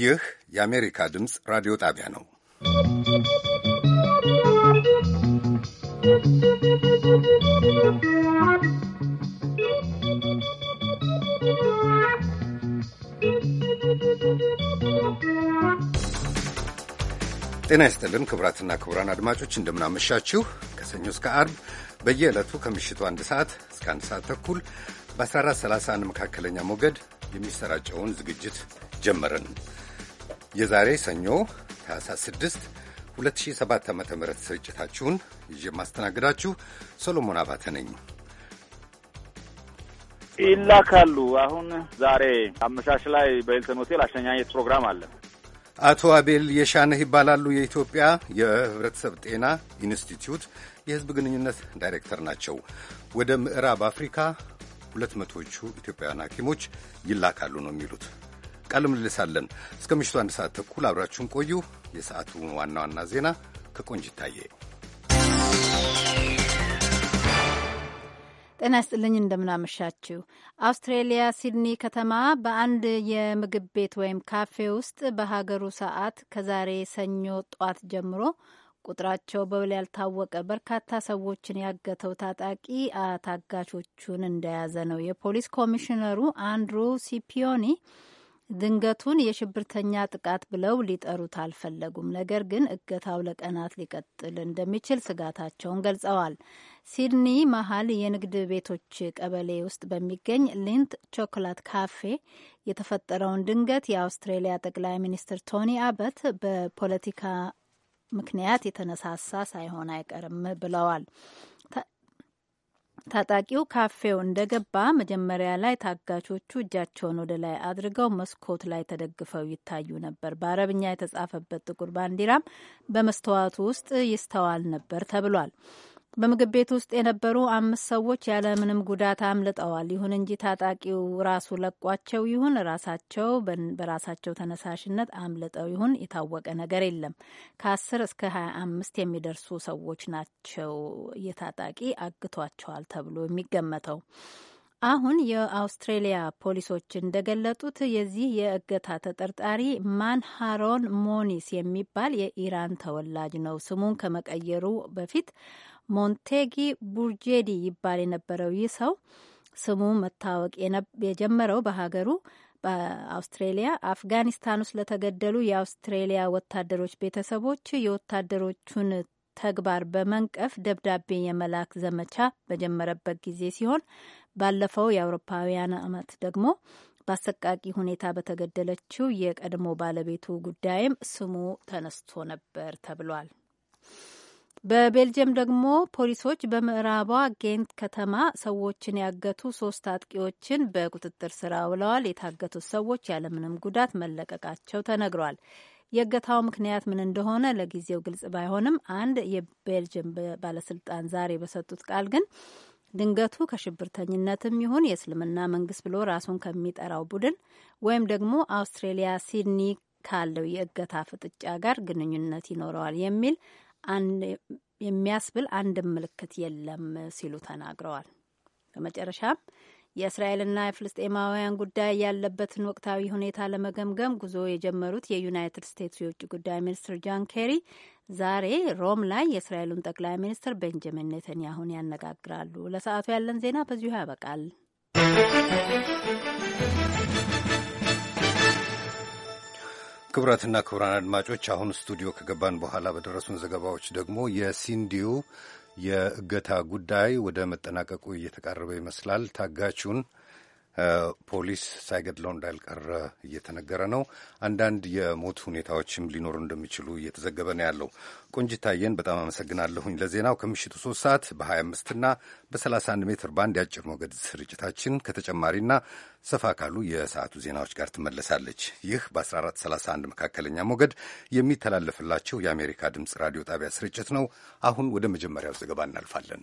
ይህ የአሜሪካ ድምፅ ራዲዮ ጣቢያ ነው። ጤና ይስጥልን ክቡራትና ክቡራን አድማጮች እንደምናመሻችሁ ከሰኞ እስከ አርብ በየዕለቱ ከምሽቱ አንድ ሰዓት እስከ አንድ ሰዓት ተኩል በ1431 መካከለኛ ሞገድ የሚሰራጨውን ዝግጅት ጀመርን። የዛሬ ሰኞ 26 2007 ዓ ም ስርጭታችሁን ይዤ ማስተናግዳችሁ ሰሎሞን አባተ ነኝ። ይላካሉ። አሁን ዛሬ አመሻሽ ላይ በሂልተን ሆቴል አሸኛኘት ፕሮግራም አለን። አቶ አቤል የሻነህ ይባላሉ። የኢትዮጵያ የህብረተሰብ ጤና ኢንስቲትዩት የህዝብ ግንኙነት ዳይሬክተር ናቸው። ወደ ምዕራብ አፍሪካ ሁለት መቶዎቹ ኢትዮጵያውያን ሐኪሞች ይላካሉ ነው የሚሉት። ቃለ ምልልሳለን እስከ ምሽቱ አንድ ሰዓት ተኩል አብራችሁን ቆዩ። የሰዓቱ ዋና ዋና ዜና ከቆንጅ ይታየ ጤና ይስጥልኝ እንደምናመሻችው አውስትሬሊያ ሲድኒ ከተማ በአንድ የምግብ ቤት ወይም ካፌ ውስጥ በሀገሩ ሰዓት ከዛሬ ሰኞ ጧት ጀምሮ ቁጥራቸው በውል ያልታወቀ በርካታ ሰዎችን ያገተው ታጣቂ ታጋቾቹን እንደያዘ ነው የፖሊስ ኮሚሽነሩ አንድሩ ሲፒዮኒ ድንገቱን የሽብርተኛ ጥቃት ብለው ሊጠሩት አልፈለጉም። ነገር ግን እገታው ለቀናት ሊቀጥል እንደሚችል ስጋታቸውን ገልጸዋል። ሲድኒ መሀል የንግድ ቤቶች ቀበሌ ውስጥ በሚገኝ ሊንት ቾኮላት ካፌ የተፈጠረውን ድንገት የአውስትሬሊያ ጠቅላይ ሚኒስትር ቶኒ አበት በፖለቲካ ምክንያት የተነሳሳ ሳይሆን አይቀርም ብለዋል። ታጣቂው ካፌው እንደገባ መጀመሪያ ላይ ታጋቾቹ እጃቸውን ወደ ላይ አድርገው መስኮት ላይ ተደግፈው ይታዩ ነበር። በአረብኛ የተጻፈበት ጥቁር ባንዲራም በመስተዋቱ ውስጥ ይስተዋል ነበር ተብሏል። በምግብ ቤት ውስጥ የነበሩ አምስት ሰዎች ያለምንም ጉዳት አምልጠዋል። ይሁን እንጂ ታጣቂው ራሱ ለቋቸው ይሁን ራሳቸው በራሳቸው ተነሳሽነት አምልጠው ይሁን የታወቀ ነገር የለም። ከአስር እስከ ሀያ አምስት የሚደርሱ ሰዎች ናቸው የታጣቂ አግቷቸዋል ተብሎ የሚገመተው። አሁን የአውስትሬሊያ ፖሊሶች እንደገለጡት የዚህ የእገታ ተጠርጣሪ ማንሃሮን ሞኒስ የሚባል የኢራን ተወላጅ ነው። ስሙን ከመቀየሩ በፊት ሞንቴጊ ቡርጄዲ ይባል የነበረው ይህ ሰው ስሙ መታወቅ የጀመረው በሀገሩ በአውስትሬሊያ አፍጋኒስታን ውስጥ ለተገደሉ የአውስትሬሊያ ወታደሮች ቤተሰቦች የወታደሮቹን ተግባር በመንቀፍ ደብዳቤ የመላክ ዘመቻ በጀመረበት ጊዜ ሲሆን ባለፈው የአውሮፓውያን ዓመት ደግሞ በአሰቃቂ ሁኔታ በተገደለችው የቀድሞ ባለቤቱ ጉዳይም ስሙ ተነስቶ ነበር ተብሏል። በቤልጅየም ደግሞ ፖሊሶች በምዕራቧ ጌንት ከተማ ሰዎችን ያገቱ ሶስት አጥቂዎችን በቁጥጥር ስር አውለዋል። የታገቱት ሰዎች ያለምንም ጉዳት መለቀቃቸው ተነግሯል። የእገታው ምክንያት ምን እንደሆነ ለጊዜው ግልጽ ባይሆንም አንድ የቤልጅየም ባለስልጣን ዛሬ በሰጡት ቃል ግን ድንገቱ ከሽብርተኝነትም ይሁን የእስልምና መንግስት ብሎ ራሱን ከሚጠራው ቡድን ወይም ደግሞ አውስትሬሊያ ሲድኒ ካለው የእገታ ፍጥጫ ጋር ግንኙነት ይኖረዋል የሚል የሚያስብል አንድ ምልክት የለም ሲሉ ተናግረዋል። በመጨረሻም የእስራኤልና የፍልስጤማውያን ጉዳይ ያለበትን ወቅታዊ ሁኔታ ለመገምገም ጉዞ የጀመሩት የዩናይትድ ስቴትስ የውጭ ጉዳይ ሚኒስትር ጃን ኬሪ ዛሬ ሮም ላይ የእስራኤሉን ጠቅላይ ሚኒስትር ቤንጃሚን ኔተንያሁን ያነጋግራሉ። ለሰዓቱ ያለን ዜና በዚሁ ያበቃል። ክቡራትና ክቡራን አድማጮች አሁን ስቱዲዮ ከገባን በኋላ በደረሱን ዘገባዎች ደግሞ የሲንዲው የእገታ ጉዳይ ወደ መጠናቀቁ እየተቃረበ ይመስላል። ታጋቹን ፖሊስ ሳይገድለው እንዳልቀረ እየተነገረ ነው። አንዳንድ የሞት ሁኔታዎችም ሊኖሩ እንደሚችሉ እየተዘገበ ነው ያለው። ቆንጅታየን በጣም አመሰግናለሁኝ ለዜናው። ከምሽቱ ሶስት ሰዓት በ25 እና በ31 ሜትር ባንድ የአጭር ሞገድ ስርጭታችን ከተጨማሪና ሰፋ ካሉ የሰዓቱ ዜናዎች ጋር ትመለሳለች። ይህ በ1431 መካከለኛ ሞገድ የሚተላለፍላቸው የአሜሪካ ድምፅ ራዲዮ ጣቢያ ስርጭት ነው። አሁን ወደ መጀመሪያው ዘገባ እናልፋለን።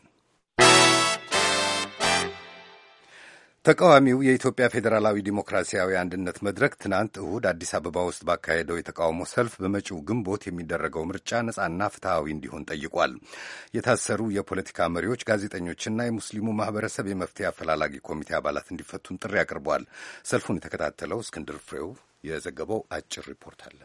ተቃዋሚው የኢትዮጵያ ፌዴራላዊ ዲሞክራሲያዊ አንድነት መድረክ ትናንት እሁድ አዲስ አበባ ውስጥ ባካሄደው የተቃውሞ ሰልፍ በመጪው ግንቦት የሚደረገው ምርጫ ነጻና ፍትሐዊ እንዲሆን ጠይቋል። የታሰሩ የፖለቲካ መሪዎች፣ ጋዜጠኞችና የሙስሊሙ ማህበረሰብ የመፍትሄ አፈላላጊ ኮሚቴ አባላት እንዲፈቱን ጥሪ አቅርቧል። ሰልፉን የተከታተለው እስክንድር ፍሬው የዘገበው አጭር ሪፖርት አለ።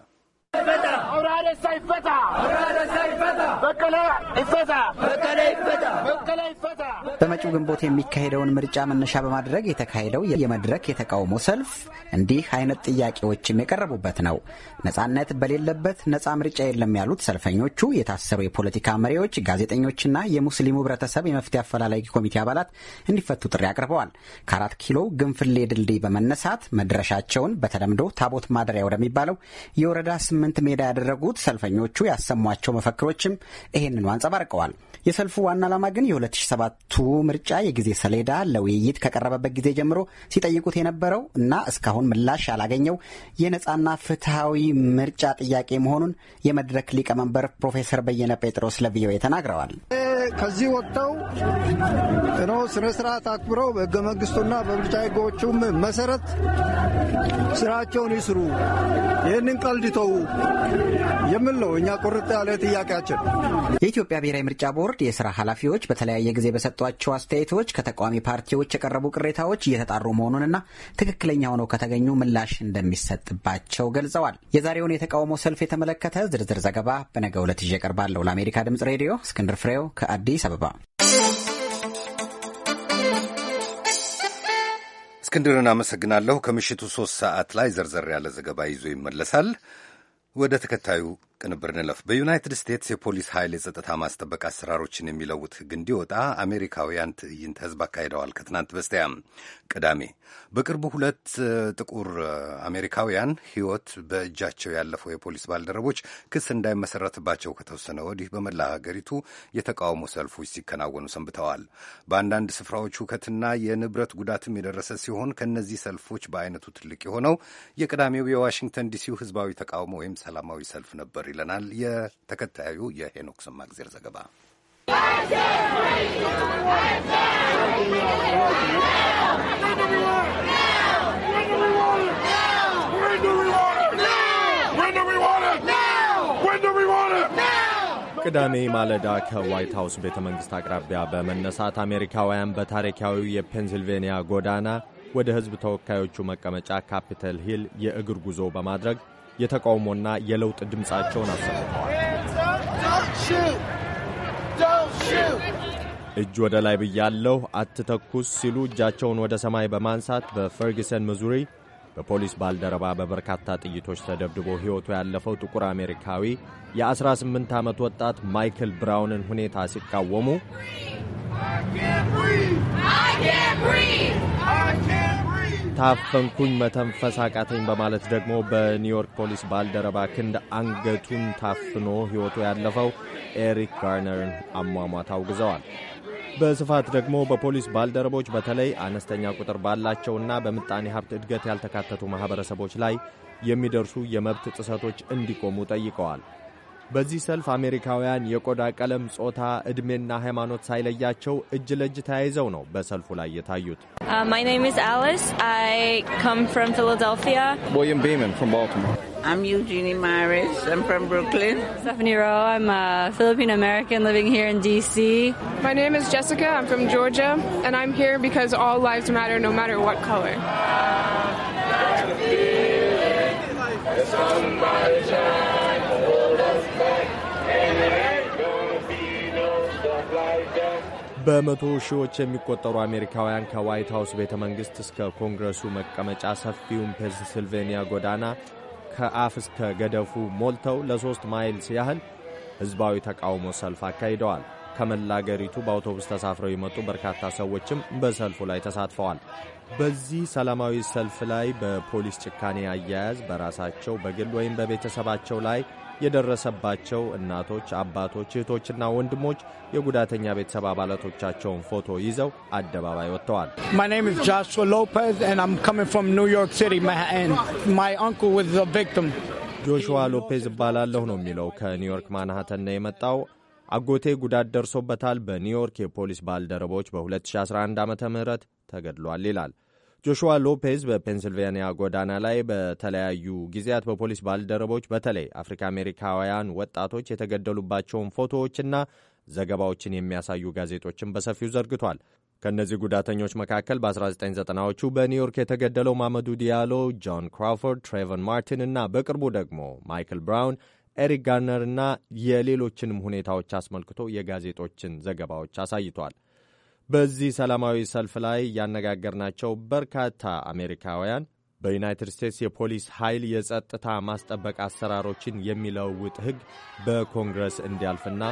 በመጪው ግንቦት የሚካሄደውን ምርጫ መነሻ በማድረግ የተካሄደው የመድረክ የተቃውሞ ሰልፍ እንዲህ አይነት ጥያቄዎችም የቀረቡበት ነው። ነጻነት በሌለበት ነጻ ምርጫ የለም ያሉት ሰልፈኞቹ የታሰሩ የፖለቲካ መሪዎች፣ ጋዜጠኞችና የሙስሊሙ ህብረተሰብ የመፍትሄ አፈላላጊ ኮሚቴ አባላት እንዲፈቱ ጥሪ አቅርበዋል። ከአራት ኪሎ ግንፍሌ ድልድይ በመነሳት መድረሻቸውን በተለምዶ ታቦት ማደሪያ ወደሚባለው የወረዳ ስም ሳምንት ሜዳ ያደረጉት ሰልፈኞቹ ያሰሟቸው መፈክሮችም ይህንኑ አንጸባርቀዋል። የሰልፉ ዋና ዓላማ ግን የ2007ቱ ምርጫ የጊዜ ሰሌዳ ለውይይት ከቀረበበት ጊዜ ጀምሮ ሲጠይቁት የነበረው እና እስካሁን ምላሽ ያላገኘው የነፃና ፍትሐዊ ምርጫ ጥያቄ መሆኑን የመድረክ ሊቀመንበር ፕሮፌሰር በየነ ጴጥሮስ ለቪኦኤ ተናግረዋል። ከዚህ ወጥተው ኖ ስነ ስርዓት አክብረው በህገ መንግስቱና በምርጫ ህጎቹም መሰረት ስራቸውን ይስሩ፣ ይህንን ቀልድ የምለው እኛ ቁርጥ ያለ ጥያቄያችን። የኢትዮጵያ ብሔራዊ ምርጫ ቦርድ የስራ ኃላፊዎች በተለያየ ጊዜ በሰጧቸው አስተያየቶች ከተቃዋሚ ፓርቲዎች የቀረቡ ቅሬታዎች እየተጣሩ መሆኑንና ትክክለኛ ሆነው ከተገኙ ምላሽ እንደሚሰጥባቸው ገልጸዋል። የዛሬውን የተቃውሞ ሰልፍ የተመለከተ ዝርዝር ዘገባ በነገው ዕለት ይዤ እቀርባለሁ። ለአሜሪካ ድምጽ ሬዲዮ እስክንድር ፍሬው ከአዲስ አበባ። እስክንድርን አመሰግናለሁ። ከምሽቱ ሶስት ሰዓት ላይ ዘርዘር ያለ ዘገባ ይዞ ይመለሳል። ወደ ተከታዩ ቅንብር ንለፍ። በዩናይትድ ስቴትስ የፖሊስ ኃይል የጸጥታ ማስጠበቅ አሰራሮችን የሚለውጥ ሕግ እንዲወጣ አሜሪካውያን ትዕይንተ ሕዝብ አካሂደዋል። ከትናንት በስቲያ ቅዳሜ በቅርቡ ሁለት ጥቁር አሜሪካውያን ሕይወት በእጃቸው ያለፈው የፖሊስ ባልደረቦች ክስ እንዳይመሰረትባቸው ከተወሰነ ወዲህ በመላ ሀገሪቱ የተቃውሞ ሰልፎች ሲከናወኑ ሰንብተዋል። በአንዳንድ ስፍራዎች ሁከትና የንብረት ጉዳትም የደረሰ ሲሆን ከእነዚህ ሰልፎች በአይነቱ ትልቅ የሆነው የቅዳሜው የዋሽንግተን ዲሲው ሕዝባዊ ተቃውሞ ወይም ሰላማዊ ሰልፍ ነበር። ይለናል የተከታዩ የሄኖክ ማግዜር ዘገባ። ቅዳሜ ማለዳ ከዋይት ሀውስ ቤተ መንግሥት አቅራቢያ በመነሳት አሜሪካውያን በታሪካዊው የፔንሲልቬንያ ጎዳና ወደ ሕዝብ ተወካዮቹ መቀመጫ ካፒተል ሂል የእግር ጉዞ በማድረግ የተቃውሞና የለውጥ ድምፃቸውን አሰምተዋል። እጅ ወደ ላይ ብያለሁ፣ አትተኩስ ሲሉ እጃቸውን ወደ ሰማይ በማንሳት በፈርግሰን ሚዙሪ በፖሊስ ባልደረባ በበርካታ ጥይቶች ተደብድቦ ሕይወቱ ያለፈው ጥቁር አሜሪካዊ የ18 ዓመት ወጣት ማይክል ብራውንን ሁኔታ ሲቃወሙ ታፈንኩኝ መተንፈስ አቃተኝ በማለት ደግሞ በኒውዮርክ ፖሊስ ባልደረባ ክንድ አንገቱን ታፍኖ ሕይወቱ ያለፈው ኤሪክ ጋርነርን አሟሟት አውግዘዋል። በስፋት ደግሞ በፖሊስ ባልደረቦች በተለይ አነስተኛ ቁጥር ባላቸውና በምጣኔ ሀብት እድገት ያልተካተቱ ማኅበረሰቦች ላይ የሚደርሱ የመብት ጥሰቶች እንዲቆሙ ጠይቀዋል። በዚህ ሰልፍ አሜሪካውያን የቆዳ ቀለም፣ ጾታ፣ ዕድሜና ሃይማኖት ሳይለያቸው እጅ ለእጅ ተያይዘው ነው በሰልፉ ላይ የታዩት። Somebody በመቶ ሺዎች የሚቆጠሩ አሜሪካውያን ከዋይት ሀውስ ቤተ መንግሥት እስከ ኮንግረሱ መቀመጫ ሰፊውን ፔንስልቬንያ ጎዳና ከአፍ እስከ ገደፉ ሞልተው ለሦስት ማይልስ ያህል ሕዝባዊ ተቃውሞ ሰልፍ አካሂደዋል። ከመላ አገሪቱ በአውቶቡስ ተሳፍረው የመጡ በርካታ ሰዎችም በሰልፉ ላይ ተሳትፈዋል። በዚህ ሰላማዊ ሰልፍ ላይ በፖሊስ ጭካኔ አያያዝ በራሳቸው በግል ወይም በቤተሰባቸው ላይ የደረሰባቸው እናቶች፣ አባቶች፣ እህቶችና ወንድሞች የጉዳተኛ ቤተሰብ አባላቶቻቸውን ፎቶ ይዘው አደባባይ ወጥተዋል። ጆሹዋ ሎፔዝ እባላለሁ ነው የሚለው። ከኒውዮርክ ማንሃተን ነው የመጣው። አጎቴ ጉዳት ደርሶበታል። በኒውዮርክ የፖሊስ ባልደረቦች በ2011 ዓ ም ተገድሏል ይላል። ጆሹዋ ሎፔዝ በፔንስልቬንያ ጎዳና ላይ በተለያዩ ጊዜያት በፖሊስ ባልደረቦች በተለይ አፍሪካ አሜሪካውያን ወጣቶች የተገደሉባቸውን ፎቶዎችና ዘገባዎችን የሚያሳዩ ጋዜጦችን በሰፊው ዘርግቷል። ከእነዚህ ጉዳተኞች መካከል በ1990ዎቹ በኒውዮርክ የተገደለው ማመዱ ዲያሎ፣ ጆን ክራውፎርድ፣ ትሬቨን ማርቲን እና በቅርቡ ደግሞ ማይክል ብራውን ኤሪክ ጋርነር እና የሌሎችንም ሁኔታዎች አስመልክቶ የጋዜጦችን ዘገባዎች አሳይቷል። በዚህ ሰላማዊ ሰልፍ ላይ ያነጋገርናቸው በርካታ አሜሪካውያን በዩናይትድ ስቴትስ የፖሊስ ኃይል የጸጥታ ማስጠበቅ አሰራሮችን የሚለውጥ ሕግ በኮንግረስ እንዲያልፍና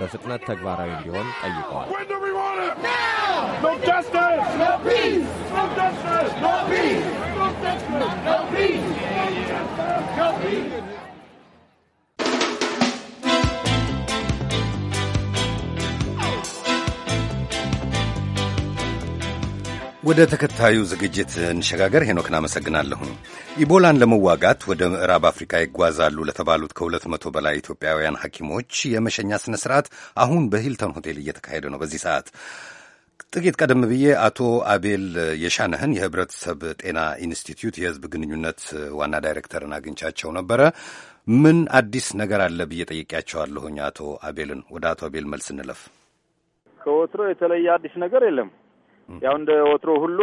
በፍጥነት ተግባራዊ እንዲሆን ጠይቀዋል። No peace! No No peace! ወደ ተከታዩ ዝግጅት እንሸጋገር። ሄኖክን አመሰግናለሁ። ኢቦላን ለመዋጋት ወደ ምዕራብ አፍሪካ ይጓዛሉ ለተባሉት ከሁለት መቶ በላይ ኢትዮጵያውያን ሐኪሞች የመሸኛ ሥነ ሥርዓት አሁን በሂልተን ሆቴል እየተካሄደ ነው። በዚህ ሰዓት ጥቂት ቀደም ብዬ አቶ አቤል የሻነህን የህብረተሰብ ጤና ኢንስቲትዩት የህዝብ ግንኙነት ዋና ዳይሬክተርን አግኝቻቸው ነበረ። ምን አዲስ ነገር አለ ብዬ ጠይቄያቸዋለሁኝ አቶ አቤልን። ወደ አቶ አቤል መልስ እንለፍ። ከወትሮ የተለየ አዲስ ነገር የለም። ያው እንደ ወትሮ ሁሉ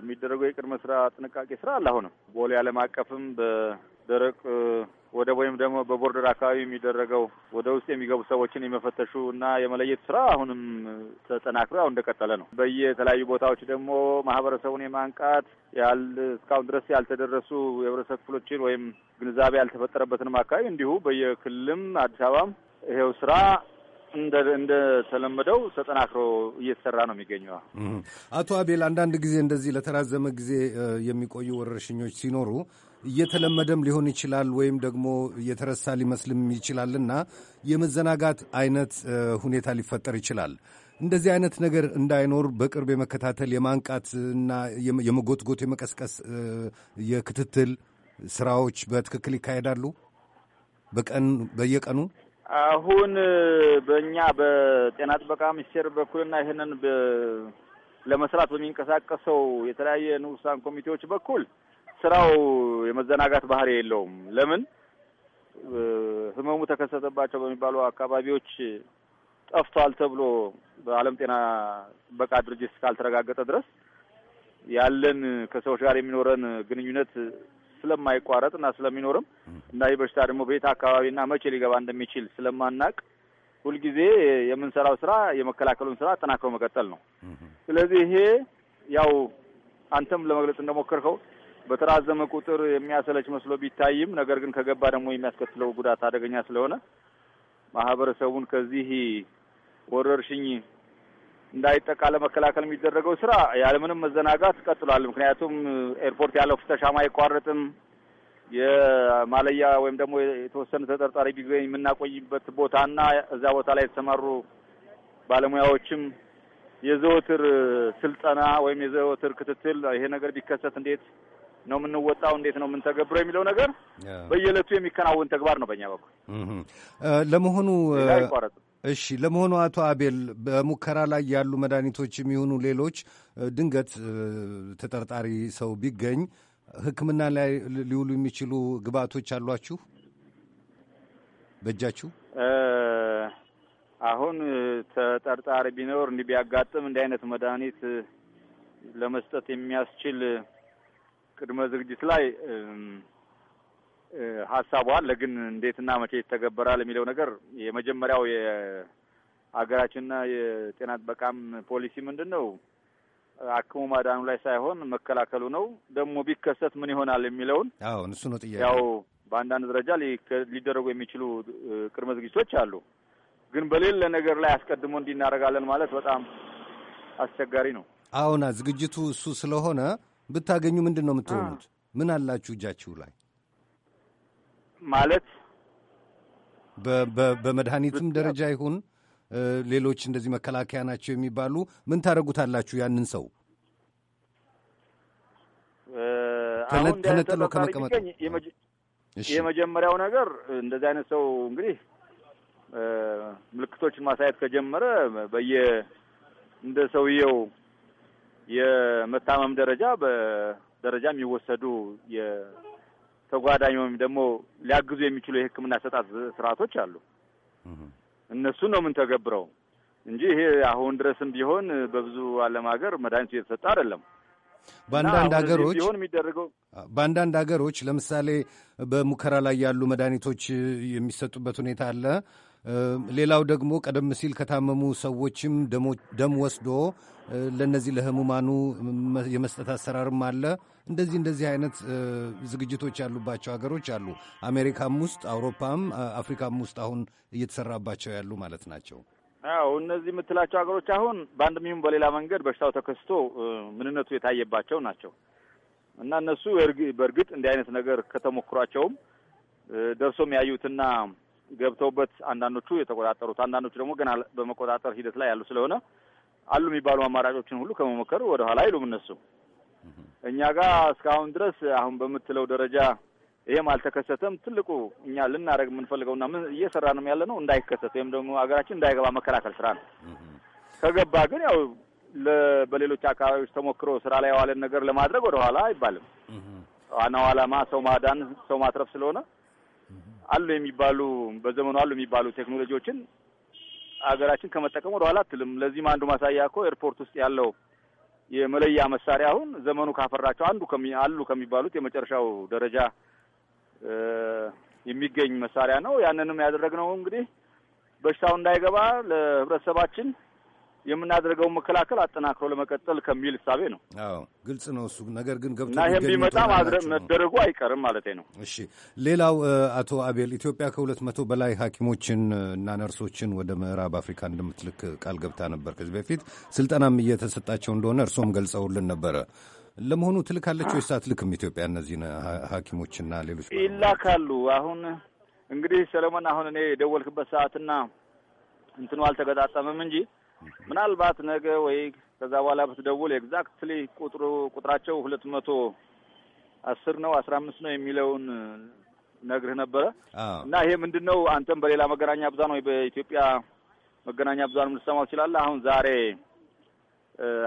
የሚደረገው የቅድመ ስራ ጥንቃቄ ስራ አለ። አሁንም ቦሌ ዓለም አቀፍም በደረቅ ወደብ ወይም ደግሞ በቦርደር አካባቢ የሚደረገው ወደ ውስጥ የሚገቡ ሰዎችን የመፈተሹ እና የመለየት ስራ አሁንም ተጠናክሮ ያው እንደቀጠለ ነው። በየተለያዩ ቦታዎች ደግሞ ማህበረሰቡን የማንቃት ያል እስካሁን ድረስ ያልተደረሱ የህብረተሰብ ክፍሎችን ወይም ግንዛቤ ያልተፈጠረበትንም አካባቢ እንዲሁ በየክልልም አዲስ አበባም ይሄው ስራ እንደተለመደው ተጠናክሮ እየተሰራ ነው የሚገኘው። አቶ አቤል፣ አንዳንድ ጊዜ እንደዚህ ለተራዘመ ጊዜ የሚቆዩ ወረርሽኞች ሲኖሩ እየተለመደም ሊሆን ይችላል ወይም ደግሞ እየተረሳ ሊመስልም ይችላልና የመዘናጋት አይነት ሁኔታ ሊፈጠር ይችላል። እንደዚህ አይነት ነገር እንዳይኖር በቅርብ የመከታተል የማንቃትና የመጎትጎት የመቀስቀስ የክትትል ስራዎች በትክክል ይካሄዳሉ በቀን በየቀኑ አሁን በእኛ በጤና ጥበቃ ሚኒስቴር በኩልና ይህንን ለመስራት በሚንቀሳቀሰው የተለያየ ንዑሳን ኮሚቴዎች በኩል ስራው የመዘናጋት ባህሪ የለውም። ለምን ህመሙ ተከሰተባቸው በሚባሉ አካባቢዎች ጠፍቷል ተብሎ በዓለም ጤና ጥበቃ ድርጅት ካልተረጋገጠ ድረስ ያለን ከሰዎች ጋር የሚኖረን ግንኙነት ስለማይቋረጥ እና ስለሚኖርም እና ይህ በሽታ ደግሞ በየት አካባቢና መቼ ሊገባ እንደሚችል ስለማናቅ ሁልጊዜ የምንሰራው ስራ የመከላከሉን ስራ አጠናክሮ መቀጠል ነው። ስለዚህ ይሄ ያው አንተም ለመግለጽ እንደሞከርከው በተራዘመ ቁጥር የሚያሰለች መስሎ ቢታይም ነገር ግን ከገባ ደግሞ የሚያስከትለው ጉዳት አደገኛ ስለሆነ ማህበረሰቡን ከዚህ ወረርሽኝ እንዳይጠቃ ለመከላከል የሚደረገው ስራ ያለምንም መዘናጋት ቀጥሏል። ምክንያቱም ኤርፖርት ያለው ፍተሻም አይቋረጥም። የማለያ ወይም ደግሞ የተወሰነ ተጠርጣሪ ቢገኝ የምናቆይበት ቦታና እዛ ቦታ ላይ የተሰማሩ ባለሙያዎችም የዘወትር ስልጠና ወይም የዘወትር ክትትል ይሄ ነገር ቢከሰት እንዴት ነው የምንወጣው፣ እንዴት ነው የምንተገብረው የሚለው ነገር በየዕለቱ የሚከናወን ተግባር ነው። በእኛ በኩል ለመሆኑ አይቋረጥም። እሺ፣ ለመሆኑ አቶ አቤል በሙከራ ላይ ያሉ መድኃኒቶች የሚሆኑ ሌሎች ድንገት ተጠርጣሪ ሰው ቢገኝ ሕክምና ላይ ሊውሉ የሚችሉ ግብአቶች አሏችሁ በእጃችሁ? አሁን ተጠርጣሪ ቢኖር እንዲህ ቢያጋጥም እንዲህ አይነት መድኃኒት ለመስጠት የሚያስችል ቅድመ ዝግጅት ላይ ሀሳቡ አለ። ግን እንዴትና መቼ ይተገበራል የሚለው ነገር የመጀመሪያው የሀገራችንና የጤና ጥበቃም ፖሊሲ ምንድን ነው አክሙ ማዳኑ ላይ ሳይሆን መከላከሉ ነው። ደግሞ ቢከሰት ምን ይሆናል የሚለውን አዎ፣ እሱ ነው ጥያቄ። ያው በአንዳንድ ደረጃ ሊደረጉ የሚችሉ ቅድመ ዝግጅቶች አሉ። ግን በሌለ ነገር ላይ አስቀድሞ እንዲህ እናደርጋለን ማለት በጣም አስቸጋሪ ነው። አሁን ዝግጅቱ እሱ ስለሆነ ብታገኙ ምንድን ነው የምትሆኑት? ምን አላችሁ እጃችሁ ላይ ማለት በመድኃኒትም ደረጃ ይሁን ሌሎች እንደዚህ መከላከያ ናቸው የሚባሉ ምን ታደርጉታላችሁ? ያንን ሰው ተነጥሎ ከመቀመጥ የመጀመሪያው ነገር እንደዚህ አይነት ሰው እንግዲህ ምልክቶችን ማሳየት ከጀመረ በየ እንደ ሰውየው የመታመም ደረጃ በደረጃ የሚወሰዱ ተጓዳኝ ወይም ደግሞ ሊያግዙ የሚችሉ የሕክምና አሰጣጥ ስርዓቶች አሉ። እነሱን ነው ምን ተገብረው እንጂ ይሄ አሁን ድረስም ቢሆን በብዙ ዓለም ሀገር መድኃኒቱ እየተሰጠ አይደለም። በአንዳንድ ሀገሮች የሚደረገው በአንዳንድ ሀገሮች ለምሳሌ በሙከራ ላይ ያሉ መድኃኒቶች የሚሰጡበት ሁኔታ አለ። ሌላው ደግሞ ቀደም ሲል ከታመሙ ሰዎችም ደም ወስዶ ለእነዚህ ለህሙማኑ የመስጠት አሰራርም አለ። እንደዚህ እንደዚህ አይነት ዝግጅቶች ያሉባቸው ሀገሮች አሉ። አሜሪካም ውስጥ አውሮፓም አፍሪካም ውስጥ አሁን እየተሰራባቸው ያሉ ማለት ናቸው። አዎ እነዚህ የምትላቸው ሀገሮች አሁን በአንድም ይሁን በሌላ መንገድ በሽታው ተከስቶ ምንነቱ የታየባቸው ናቸው እና እነሱ በእርግጥ እንዲህ አይነት ነገር ከተሞክሯቸውም ደርሶም ያዩትና ገብተውበት አንዳንዶቹ የተቆጣጠሩት አንዳንዶቹ ደግሞ ገና በመቆጣጠር ሂደት ላይ ያሉ ስለሆነ አሉ የሚባሉ አማራጮችን ሁሉ ከመሞከር ወደ ኋላ አይሉም እነሱ። እኛ ጋር እስካሁን ድረስ አሁን በምትለው ደረጃ ይህም አልተከሰተም። ትልቁ እኛ ልናደርግ የምንፈልገውና ምን ነው ያለ ነው እንዳይከሰት ወይም ደግሞ ሀገራችን እንዳይገባ መከላከል ስራ ነው። ከገባ ግን ያው በሌሎች አካባቢዎች ተሞክሮ ስራ ላይ የዋለን ነገር ለማድረግ ወደ ኋላ አይባልም። ዋናው ዓላማ ሰው ማዳን፣ ሰው ማትረፍ ስለሆነ አሉ የሚባሉ በዘመኑ አሉ የሚባሉ ቴክኖሎጂዎችን አገራችን ከመጠቀም ወደኋላ አትልም። ለዚህም አንዱ ማሳያ እኮ ኤርፖርት ውስጥ ያለው የመለያ መሳሪያ አሁን ዘመኑ ካፈራቸው አንዱ አሉ ከሚባሉት የመጨረሻው ደረጃ የሚገኝ መሳሪያ ነው። ያንንም ያደረግነው እንግዲህ በሽታው እንዳይገባ ለህብረተሰባችን የምናደርገው መከላከል አጠናክሮ ለመቀጠል ከሚል እሳቤ ነው። አዎ ግልጽ ነው እሱ ነገር ግን ገብቶ እና ይህም ቢመጣ መደረጉ አይቀርም ማለት ነው። እሺ ሌላው አቶ አቤል ኢትዮጵያ ከሁለት መቶ በላይ ሐኪሞችን እና ነርሶችን ወደ ምዕራብ አፍሪካ እንደምትልክ ቃል ገብታ ነበር ከዚህ በፊት ስልጠናም እየተሰጣቸው እንደሆነ እርሶም ገልጸውልን ነበረ። ለመሆኑ ትልካለች ወይስ አትልክም? ኢትዮጵያ እነዚህን ሐኪሞችና ሌሎች ይላካሉ። አሁን እንግዲህ ሰለሞን አሁን እኔ የደወልክበት ሰዓትና እንትኑ አልተገጣጠመም እንጂ ምናልባት ነገ ወይ ከዛ በኋላ ብትደውል ኤግዛክትሊ ቁጥሩ ቁጥራቸው ሁለት መቶ አስር ነው አስራ አምስት ነው የሚለውን ነግርህ ነበረ እና ይሄ ምንድን ነው አንተም በሌላ መገናኛ ብዙሃን ወይ በኢትዮጵያ መገናኛ ብዙሃን ልትሰማው ትችላለህ። አሁን ዛሬ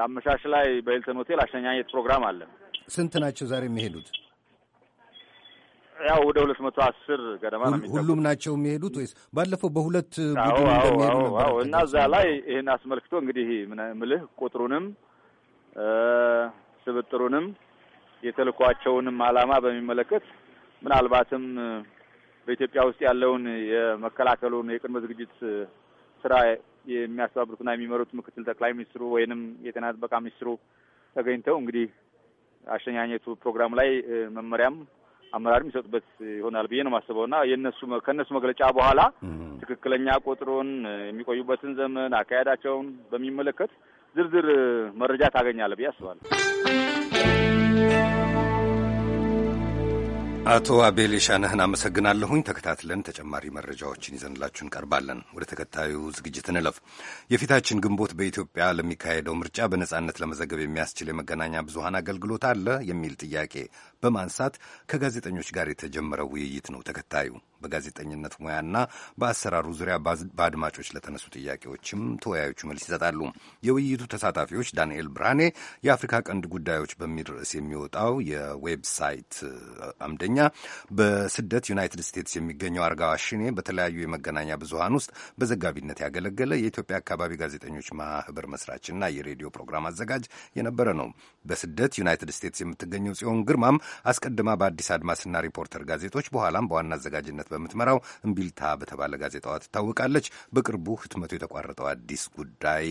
አመሻሽ ላይ በሂልተን ሆቴል አሸኛኘት ፕሮግራም አለ። ስንት ናቸው ዛሬ የሚሄዱት? ያው ወደ ሁለት መቶ አስር ገደማ ነው። ሁሉም ናቸው የሚሄዱት ወይስ ባለፈው በሁለት ቡድን እና እዛ ላይ ይህን አስመልክቶ እንግዲህ ምልህ ቁጥሩንም ስብጥሩንም የተልኳቸውንም አላማ በሚመለከት ምናልባትም በኢትዮጵያ ውስጥ ያለውን የመከላከሉን የቅድመ ዝግጅት ስራ የሚያስተባብሩትና የሚመሩት ምክትል ጠቅላይ ሚኒስትሩ ወይንም የጤና ጥበቃ ሚኒስትሩ ተገኝተው እንግዲህ አሸኛኘቱ ፕሮግራም ላይ መመሪያም አመራር የሚሰጡበት ይሆናል ብዬ ነው የማስበው እና የነሱ ከእነሱ መግለጫ በኋላ ትክክለኛ ቁጥሩን፣ የሚቆዩበትን ዘመን፣ አካሄዳቸውን በሚመለከት ዝርዝር መረጃ ታገኛለህ ብዬ አስባለሁ። አቶ አቤል የሻነህን አመሰግናለሁኝ። ተከታትለን ተጨማሪ መረጃዎችን ይዘንላችሁ እንቀርባለን። ወደ ተከታዩ ዝግጅት እንለፍ። የፊታችን ግንቦት በኢትዮጵያ ለሚካሄደው ምርጫ በነጻነት ለመዘገብ የሚያስችል የመገናኛ ብዙሀን አገልግሎት አለ የሚል ጥያቄ በማንሳት ከጋዜጠኞች ጋር የተጀመረው ውይይት ነው ተከታዩ። በጋዜጠኝነት ሙያና በአሰራሩ ዙሪያ በአድማጮች ለተነሱ ጥያቄዎችም ተወያዮቹ መልስ ይሰጣሉ። የውይይቱ ተሳታፊዎች ዳንኤል ብርሃኔ የአፍሪካ ቀንድ ጉዳዮች በሚል ርዕስ የሚወጣው የዌብሳይት አምደኛ፣ በስደት ዩናይትድ ስቴትስ የሚገኘው አርጋዋ ሽኔ በተለያዩ የመገናኛ ብዙሃን ውስጥ በዘጋቢነት ያገለገለ የኢትዮጵያ አካባቢ ጋዜጠኞች ማህበር መስራችና የሬዲዮ ፕሮግራም አዘጋጅ የነበረ ነው። በስደት ዩናይትድ ስቴትስ የምትገኘው ጽዮን ግርማም አስቀድማ በአዲስ አድማስና ሪፖርተር ጋዜጦች በኋላም በዋና አዘጋጅነት በምትመራው እምቢልታ በተባለ ጋዜጣዋ ትታወቃለች። በቅርቡ ህትመቱ የተቋረጠው አዲስ ጉዳይ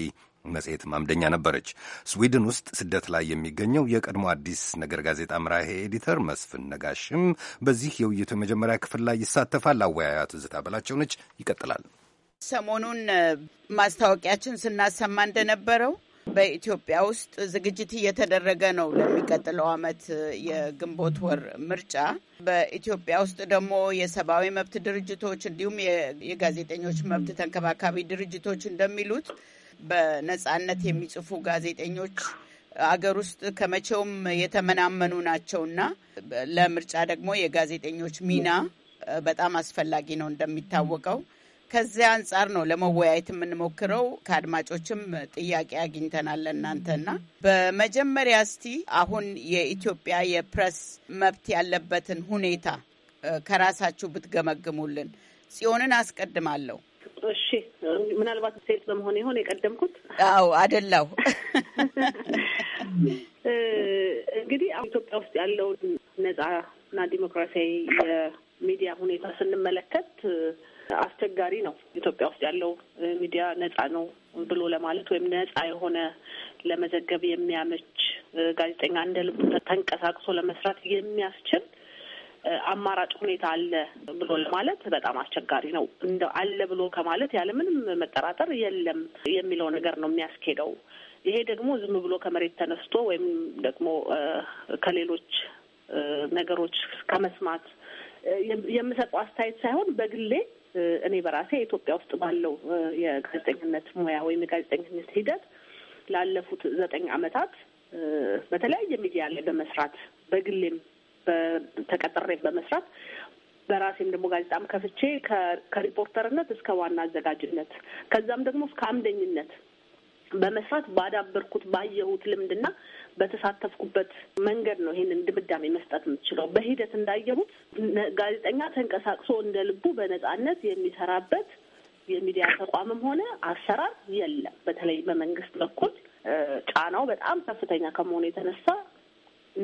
መጽሔት ማምደኛ ነበረች። ስዊድን ውስጥ ስደት ላይ የሚገኘው የቀድሞ አዲስ ነገር ጋዜጣ ምራሄ ኤዲተር መስፍን ነጋሽም በዚህ የውይይቱ የመጀመሪያ ክፍል ላይ ይሳተፋል። አወያያቱ ዝታ በላቸው ነች። ይቀጥላል። ሰሞኑን ማስታወቂያችን ስናሰማ እንደነበረው በኢትዮጵያ ውስጥ ዝግጅት እየተደረገ ነው ለሚቀጥለው ዓመት የግንቦት ወር ምርጫ። በኢትዮጵያ ውስጥ ደግሞ የሰብአዊ መብት ድርጅቶች እንዲሁም የጋዜጠኞች መብት ተንከባካቢ ድርጅቶች እንደሚሉት በነጻነት የሚጽፉ ጋዜጠኞች አገር ውስጥ ከመቼውም የተመናመኑ ናቸውና ለምርጫ ደግሞ የጋዜጠኞች ሚና በጣም አስፈላጊ ነው እንደሚታወቀው ከዚያ አንጻር ነው ለመወያየት የምንሞክረው። ከአድማጮችም ጥያቄ አግኝተናል እናንተና። በመጀመሪያ እስቲ አሁን የኢትዮጵያ የፕሬስ መብት ያለበትን ሁኔታ ከራሳችሁ ብትገመግሙልን። ጽዮንን አስቀድማለሁ። እሺ ምናልባት ሴት በመሆን ይሆን የቀደምኩት? አዎ አደላሁ። እንግዲህ ኢትዮጵያ ውስጥ ያለውን ነጻና ዲሞክራሲያዊ የሚዲያ ሁኔታ ስንመለከት አስቸጋሪ ነው። ኢትዮጵያ ውስጥ ያለው ሚዲያ ነጻ ነው ብሎ ለማለት ወይም ነጻ የሆነ ለመዘገብ የሚያመች ጋዜጠኛ እንደ ልቡ ተንቀሳቅሶ ለመስራት የሚያስችል አማራጭ ሁኔታ አለ ብሎ ለማለት በጣም አስቸጋሪ ነው። እንደ አለ ብሎ ከማለት ያለምንም መጠራጠር የለም የሚለው ነገር ነው የሚያስኬደው። ይሄ ደግሞ ዝም ብሎ ከመሬት ተነስቶ ወይም ደግሞ ከሌሎች ነገሮች ከመስማት የምሰጠው አስተያየት ሳይሆን በግሌ እኔ በራሴ ኢትዮጵያ ውስጥ ባለው የጋዜጠኝነት ሙያ ወይም የጋዜጠኝነት ሂደት ላለፉት ዘጠኝ ዓመታት በተለያየ ሚዲያ ላይ በመስራት በግሌም ተቀጥሬም በመስራት በራሴም ደግሞ ጋዜጣም ከፍቼ ከሪፖርተርነት እስከ ዋና አዘጋጅነት ከዛም ደግሞ እስከ አምደኝነት በመስራት ባዳበርኩት ባየሁት ልምድና በተሳተፍኩበት መንገድ ነው ይህንን ድምዳሜ መስጠት የምችለው። በሂደት እንዳየሁት ጋዜጠኛ ተንቀሳቅሶ እንደ ልቡ በነጻነት የሚሰራበት የሚዲያ ተቋምም ሆነ አሰራር የለም። በተለይ በመንግስት በኩል ጫናው በጣም ከፍተኛ ከመሆኑ የተነሳ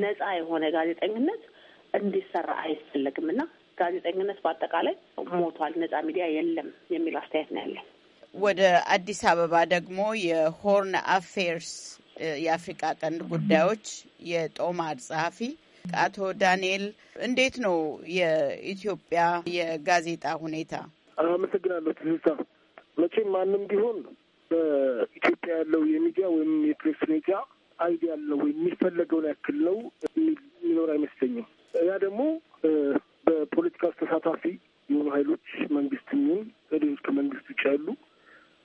ነጻ የሆነ ጋዜጠኝነት እንዲሰራ አይፈለግም እና ጋዜጠኝነት በአጠቃላይ ሞቷል፣ ነጻ ሚዲያ የለም የሚል አስተያየት ነው ያለን። ወደ አዲስ አበባ ደግሞ የሆርን አፌርስ የአፍሪቃ ቀንድ ጉዳዮች የጦማር ጸሐፊ አቶ ዳንኤል፣ እንዴት ነው የኢትዮጵያ የጋዜጣ ሁኔታ? አመሰግናለሁ ትዝታ። መቼም ማንም ቢሆን በኢትዮጵያ ያለው የሚዲያ ወይም የፕሬስ ሁኔታ አይዲ ያለው ወይም የሚፈለገውን ያክል ነው የሚኖር አይመስለኝም። ያ ደግሞ በፖለቲካ ውስጥ ተሳታፊ የሆኑ ሀይሎች መንግስትም ይሁን ከመንግስት ውጭ ያሉ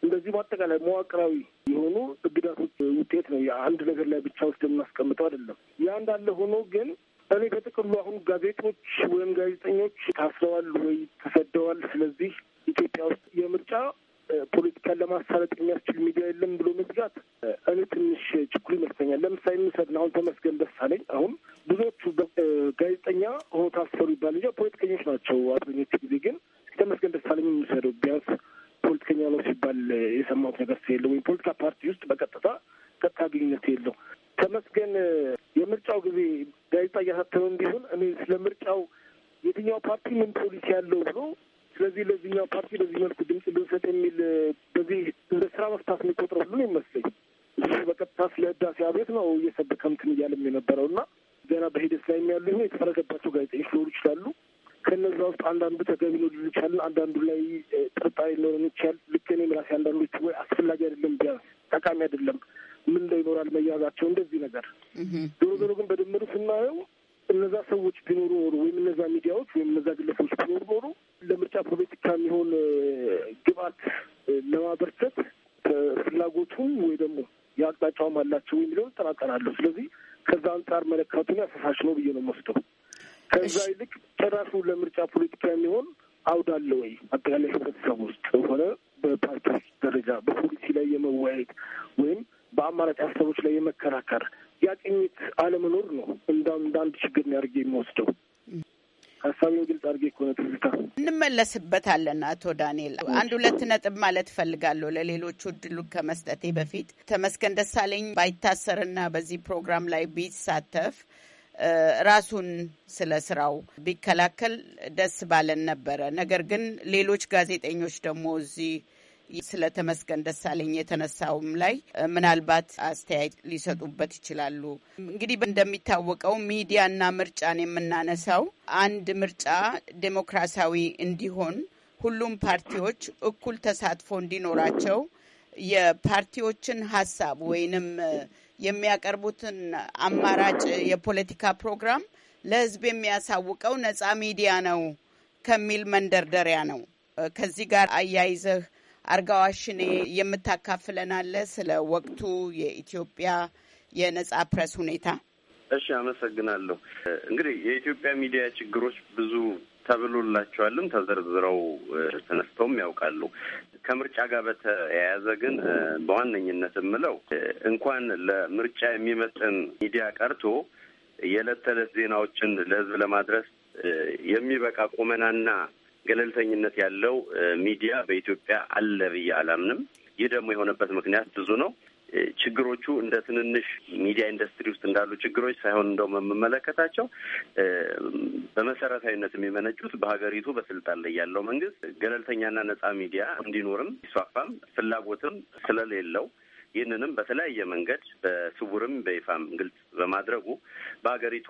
እንደዚህ በአጠቃላይ መዋቅራዊ የሆኑ እግዳቶች ውጤት ነው። አንድ ነገር ላይ ብቻ ውስጥ የምናስቀምጠው አይደለም። ያ እንዳለ ሆኖ ግን እኔ በጥቅሉ አሁን ጋዜጦች ወይም ጋዜጠኞች ታስረዋል ወይ ተሰደዋል፣ ስለዚህ ኢትዮጵያ ውስጥ የምርጫ ፖለቲካን ለማሳለጥ የሚያስችል ሚዲያ የለም ብሎ መዝጋት እኔ ትንሽ ችኩል ይመስለኛል። ለምሳሌ የምንሰድን አሁን ተመስገን ደሳለኝ አሁን ብዙዎቹ ጋዜጠኛ ሆኖ ታሰሩ ይባል እንጂ ፖለቲከኞች ናቸው አብዛኞቹ ጊዜ ግን የተመስገን ደሳለኝ የሚሰደው ቢያንስ ፖለቲከኛ ነው ሲባል የሰማሁት ነገር የለም። ወይም ፖለቲካ ፓርቲ ውስጥ በቀጥታ ቀጥታ ግንኙነት የለው። ተመስገን የምርጫው ጊዜ ጋዜጣ እያሳተመ ቢሆን እኔ ስለ ምርጫው የትኛው ፓርቲ ምን ፖሊሲ ያለው ብሎ ስለዚህ ለዚህኛው ፓርቲ በዚህ መልኩ ድምጽ ብንሰጥ የሚል በዚህ እንደ ስራ መፍታት የሚቆጥረው ሁሉ ይመስለኝ በቀጥታ ስለ ህዳሴ አቤት ነው እየሰበከ እንትን እያለም የነበረው እና ገና በሂደት ላይ የሚያሉ የተፈረገባቸው ጋዜጠኞች ሊሆኑ ይችላሉ። ከነዛ ውስጥ አንዳንዱ ተገቢ ነው ሊሉ ይቻላል። አንዳንዱ ላይ ጥርጣሬ ሊኖረን ይቻል። ልክ እኔም ራሴ አንዳንዶች ወይ አስፈላጊ አይደለም ቢያንስ ጠቃሚ አይደለም ምን ላይ ይኖራል መያዛቸው እንደዚህ ነገር። ዞሮ ዞሮ ግን በድምሩ ስናየው እነዛ ሰዎች ቢኖሩ ኖሩ ወይም እነዛ ሚዲያዎች ወይም እነዛ ግለሰቦች ቢኖሩ ኖሩ ለምርጫ ፖለቲካ የሚሆን ግብአት ለማበርከት ፍላጎቱም ወይ ደግሞ የአቅጣጫውም አላቸው የሚለውን እጠራጠራለሁ። ስለዚህ ከዛ አንጻር መለካቱን ያሰሳሽ ነው ብዬ ነው የምወስደው። ከዛ ይልቅ ተራሱ ለምርጫ ፖለቲካ የሚሆን አውድ አለ ወይ? አጠቃላይ ህብረተሰብ ውስጥ ሆነ በፓርቲዎች ደረጃ በፖሊሲ ላይ የመወያየት ወይም በአማራጭ ሀሳቦች ላይ የመከራከር ያቅኝት አለመኖር ነው እንደ አንድ ችግር ያድርጌ የሚወስደው። ሀሳቤን ግልጽ አድርጌ ከሆነ ትዝታ እንመለስበታለን። አቶ ዳንኤል አንድ ሁለት ነጥብ ማለት ፈልጋለሁ ለሌሎቹ እድሉ ከመስጠቴ በፊት ተመስገን ደሳለኝ ባይታሰርና በዚህ ፕሮግራም ላይ ቢሳተፍ ራሱን ስለ ስራው ቢከላከል ደስ ባለን ነበረ። ነገር ግን ሌሎች ጋዜጠኞች ደግሞ እዚህ ስለ ተመስገን ደሳለኝ የተነሳውም ላይ ምናልባት አስተያየት ሊሰጡበት ይችላሉ። እንግዲህ እንደሚታወቀው ሚዲያና ምርጫን የምናነሳው አንድ ምርጫ ዴሞክራሲያዊ እንዲሆን ሁሉም ፓርቲዎች እኩል ተሳትፎ እንዲኖራቸው የፓርቲዎችን ሀሳብ ወይንም የሚያቀርቡትን አማራጭ የፖለቲካ ፕሮግራም ለህዝብ የሚያሳውቀው ነጻ ሚዲያ ነው ከሚል መንደርደሪያ ነው። ከዚህ ጋር አያይዘህ አርጋዋሽኔ የምታካፍለናለ ስለ ወቅቱ የኢትዮጵያ የነጻ ፕረስ ሁኔታ? እሺ፣ አመሰግናለሁ። እንግዲህ የኢትዮጵያ ሚዲያ ችግሮች ብዙ ተብሎላቸዋልም ተዘርዝረው ተነስተውም ያውቃሉ። ከምርጫ ጋር በተያያዘ ግን በዋነኝነት የምለው እንኳን ለምርጫ የሚመጥን ሚዲያ ቀርቶ የዕለት ተዕለት ዜናዎችን ለሕዝብ ለማድረስ የሚበቃ ቁመናና ገለልተኝነት ያለው ሚዲያ በኢትዮጵያ አለ ብዬ አላምንም። ይህ ደግሞ የሆነበት ምክንያት ብዙ ነው። ችግሮቹ እንደ ትንንሽ ሚዲያ ኢንዱስትሪ ውስጥ እንዳሉ ችግሮች ሳይሆን እንደውም የምመለከታቸው በመሰረታዊነት የሚመነጩት በሀገሪቱ በስልጣን ላይ ያለው መንግስት ገለልተኛና ነጻ ሚዲያ እንዲኖርም ይስፋፋም ፍላጎትም ስለሌለው ይህንንም በተለያየ መንገድ በስውርም በይፋም ግልጽ በማድረጉ በሀገሪቱ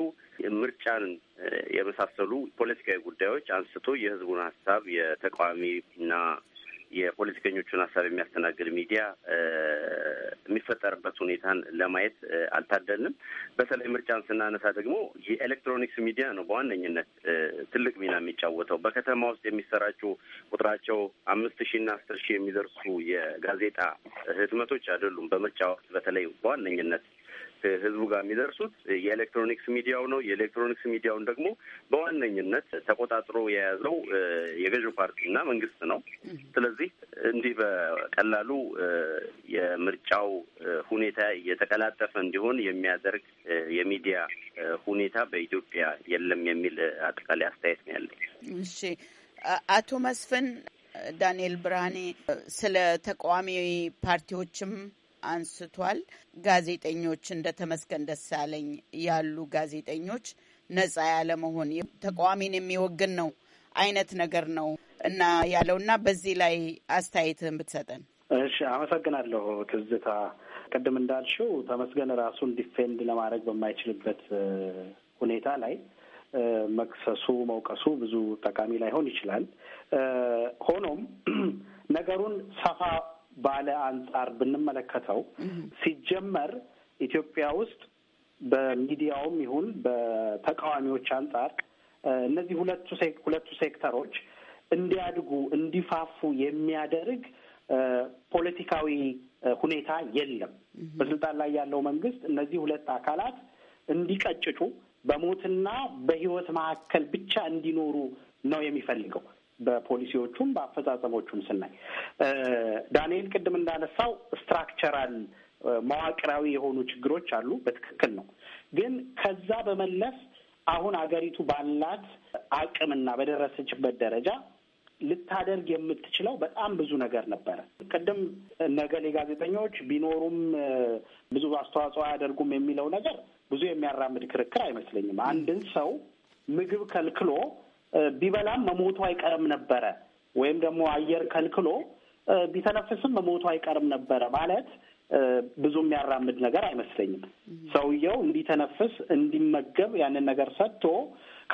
ምርጫን የመሳሰሉ ፖለቲካዊ ጉዳዮች አንስቶ የህዝቡን ሀሳብ የተቃዋሚና የፖለቲከኞቹን ሀሳብ የሚያስተናግድ ሚዲያ የሚፈጠርበት ሁኔታን ለማየት አልታደልንም። በተለይ ምርጫን ስናነሳ ደግሞ የኤሌክትሮኒክስ ሚዲያ ነው በዋነኝነት ትልቅ ሚና የሚጫወተው። በከተማ ውስጥ የሚሰራጩ ቁጥራቸው አምስት ሺና አስር ሺህ የሚደርሱ የጋዜጣ ህትመቶች አይደሉም በምርጫ ወቅት በተለይ በዋነኝነት ህዝቡ ጋር የሚደርሱት የኤሌክትሮኒክስ ሚዲያው ነው። የኤሌክትሮኒክስ ሚዲያውን ደግሞ በዋነኝነት ተቆጣጥሮ የያዘው የገዢው ፓርቲና መንግስት ነው። ስለዚህ እንዲህ በቀላሉ የምርጫው ሁኔታ የተቀላጠፈ እንዲሆን የሚያደርግ የሚዲያ ሁኔታ በኢትዮጵያ የለም የሚል አጠቃላይ አስተያየት ነው ያለው። እሺ፣ አቶ መስፍን ዳንኤል ብርሃኔ ስለ ተቃዋሚ ፓርቲዎችም አንስቷል። ጋዜጠኞች እንደ ተመስገን ደሳለኝ ያሉ ጋዜጠኞች ነጻ ያለመሆን ተቃዋሚን የሚወግን ነው አይነት ነገር ነው እና ያለው እና በዚህ ላይ አስተያየትህን ብትሰጠን። እሺ፣ አመሰግናለሁ ትዝታ። ቅድም እንዳልሽው ተመስገን ራሱን ዲፌንድ ለማድረግ በማይችልበት ሁኔታ ላይ መክሰሱ፣ መውቀሱ ብዙ ጠቃሚ ላይሆን ይችላል። ሆኖም ነገሩን ሰፋ ባለ አንጻር ብንመለከተው ሲጀመር ኢትዮጵያ ውስጥ በሚዲያውም ይሁን በተቃዋሚዎች አንጻር እነዚህ ሁለቱ ሁለቱ ሴክተሮች እንዲያድጉ እንዲፋፉ የሚያደርግ ፖለቲካዊ ሁኔታ የለም። በስልጣን ላይ ያለው መንግስት እነዚህ ሁለት አካላት እንዲቀጭጩ በሞትና በህይወት መካከል ብቻ እንዲኖሩ ነው የሚፈልገው። በፖሊሲዎቹም በአፈጻጸሞቹም ስናይ ዳንኤል ቅድም እንዳነሳው ስትራክቸራል መዋቅራዊ የሆኑ ችግሮች አሉ። በትክክል ነው። ግን ከዛ በመለስ አሁን አገሪቱ ባላት አቅምና በደረሰችበት ደረጃ ልታደርግ የምትችለው በጣም ብዙ ነገር ነበረ። ቅድም ነገሌ ጋዜጠኞች ቢኖሩም ብዙ አስተዋጽኦ አያደርጉም የሚለው ነገር ብዙ የሚያራምድ ክርክር አይመስለኝም። አንድን ሰው ምግብ ከልክሎ ቢበላም መሞቱ አይቀርም ነበረ ወይም ደግሞ አየር ከልክሎ ቢተነፍስም መሞቱ አይቀርም ነበረ ማለት ብዙ የሚያራምድ ነገር አይመስለኝም። ሰውየው እንዲተነፍስ እንዲመገብ ያንን ነገር ሰጥቶ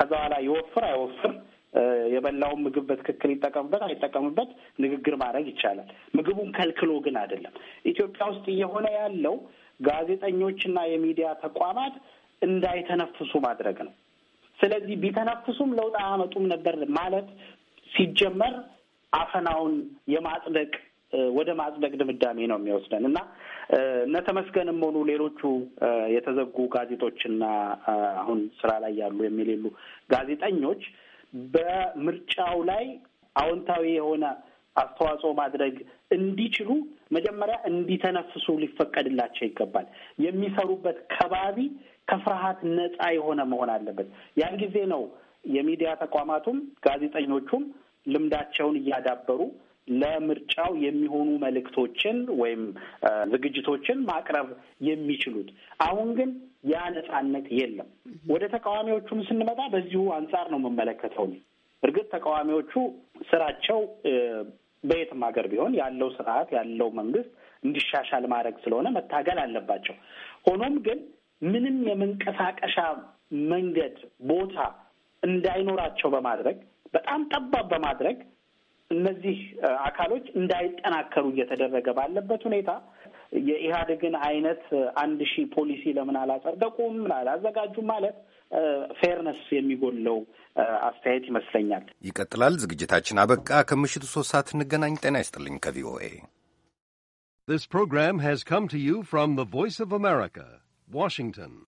ከዛ በኋላ ይወፍር አይወፍር የበላውን ምግብ በትክክል ይጠቀምበት አይጠቀምበት ንግግር ማድረግ ይቻላል። ምግቡን ከልክሎ ግን አይደለም። ኢትዮጵያ ውስጥ እየሆነ ያለው ጋዜጠኞችና የሚዲያ ተቋማት እንዳይተነፍሱ ማድረግ ነው። ስለዚህ ቢተነፍሱም ለውጥ አያመጡም ነበር ማለት ሲጀመር አፈናውን የማጽደቅ ወደ ማጽደቅ ድምዳሜ ነው የሚወስደን እና እነ ተመስገንም ሆኑ ሌሎቹ የተዘጉ ጋዜጦችና አሁን ስራ ላይ ያሉ የሚሌሉ ጋዜጠኞች በምርጫው ላይ አዎንታዊ የሆነ አስተዋጽኦ ማድረግ እንዲችሉ መጀመሪያ እንዲተነፍሱ ሊፈቀድላቸው ይገባል። የሚሰሩበት ከባቢ ከፍርሃት ነፃ የሆነ መሆን አለበት። ያን ጊዜ ነው የሚዲያ ተቋማቱም ጋዜጠኞቹም ልምዳቸውን እያዳበሩ ለምርጫው የሚሆኑ መልእክቶችን ወይም ዝግጅቶችን ማቅረብ የሚችሉት። አሁን ግን ያ ነፃነት የለም። ወደ ተቃዋሚዎቹም ስንመጣ በዚሁ አንጻር ነው የምመለከተው። እርግጥ ተቃዋሚዎቹ ስራቸው በየትም ሀገር ቢሆን ያለው ስርዓት ያለው መንግስት እንዲሻሻል ማድረግ ስለሆነ መታገል አለባቸው። ሆኖም ግን ምንም የመንቀሳቀሻ መንገድ ቦታ እንዳይኖራቸው በማድረግ በጣም ጠባብ በማድረግ እነዚህ አካሎች እንዳይጠናከሩ እየተደረገ ባለበት ሁኔታ የኢህአዴግን አይነት አንድ ሺህ ፖሊሲ ለምን አላጸደቁም፣ አላዘጋጁም ማለት ፌርነስ የሚጎለው አስተያየት ይመስለኛል። ይቀጥላል። ዝግጅታችን አበቃ። ከምሽቱ ሶስት ሰዓት እንገናኝ። ጤና ይስጥልኝ ከቪኦኤ This program has come to you from the Voice of America, Washington.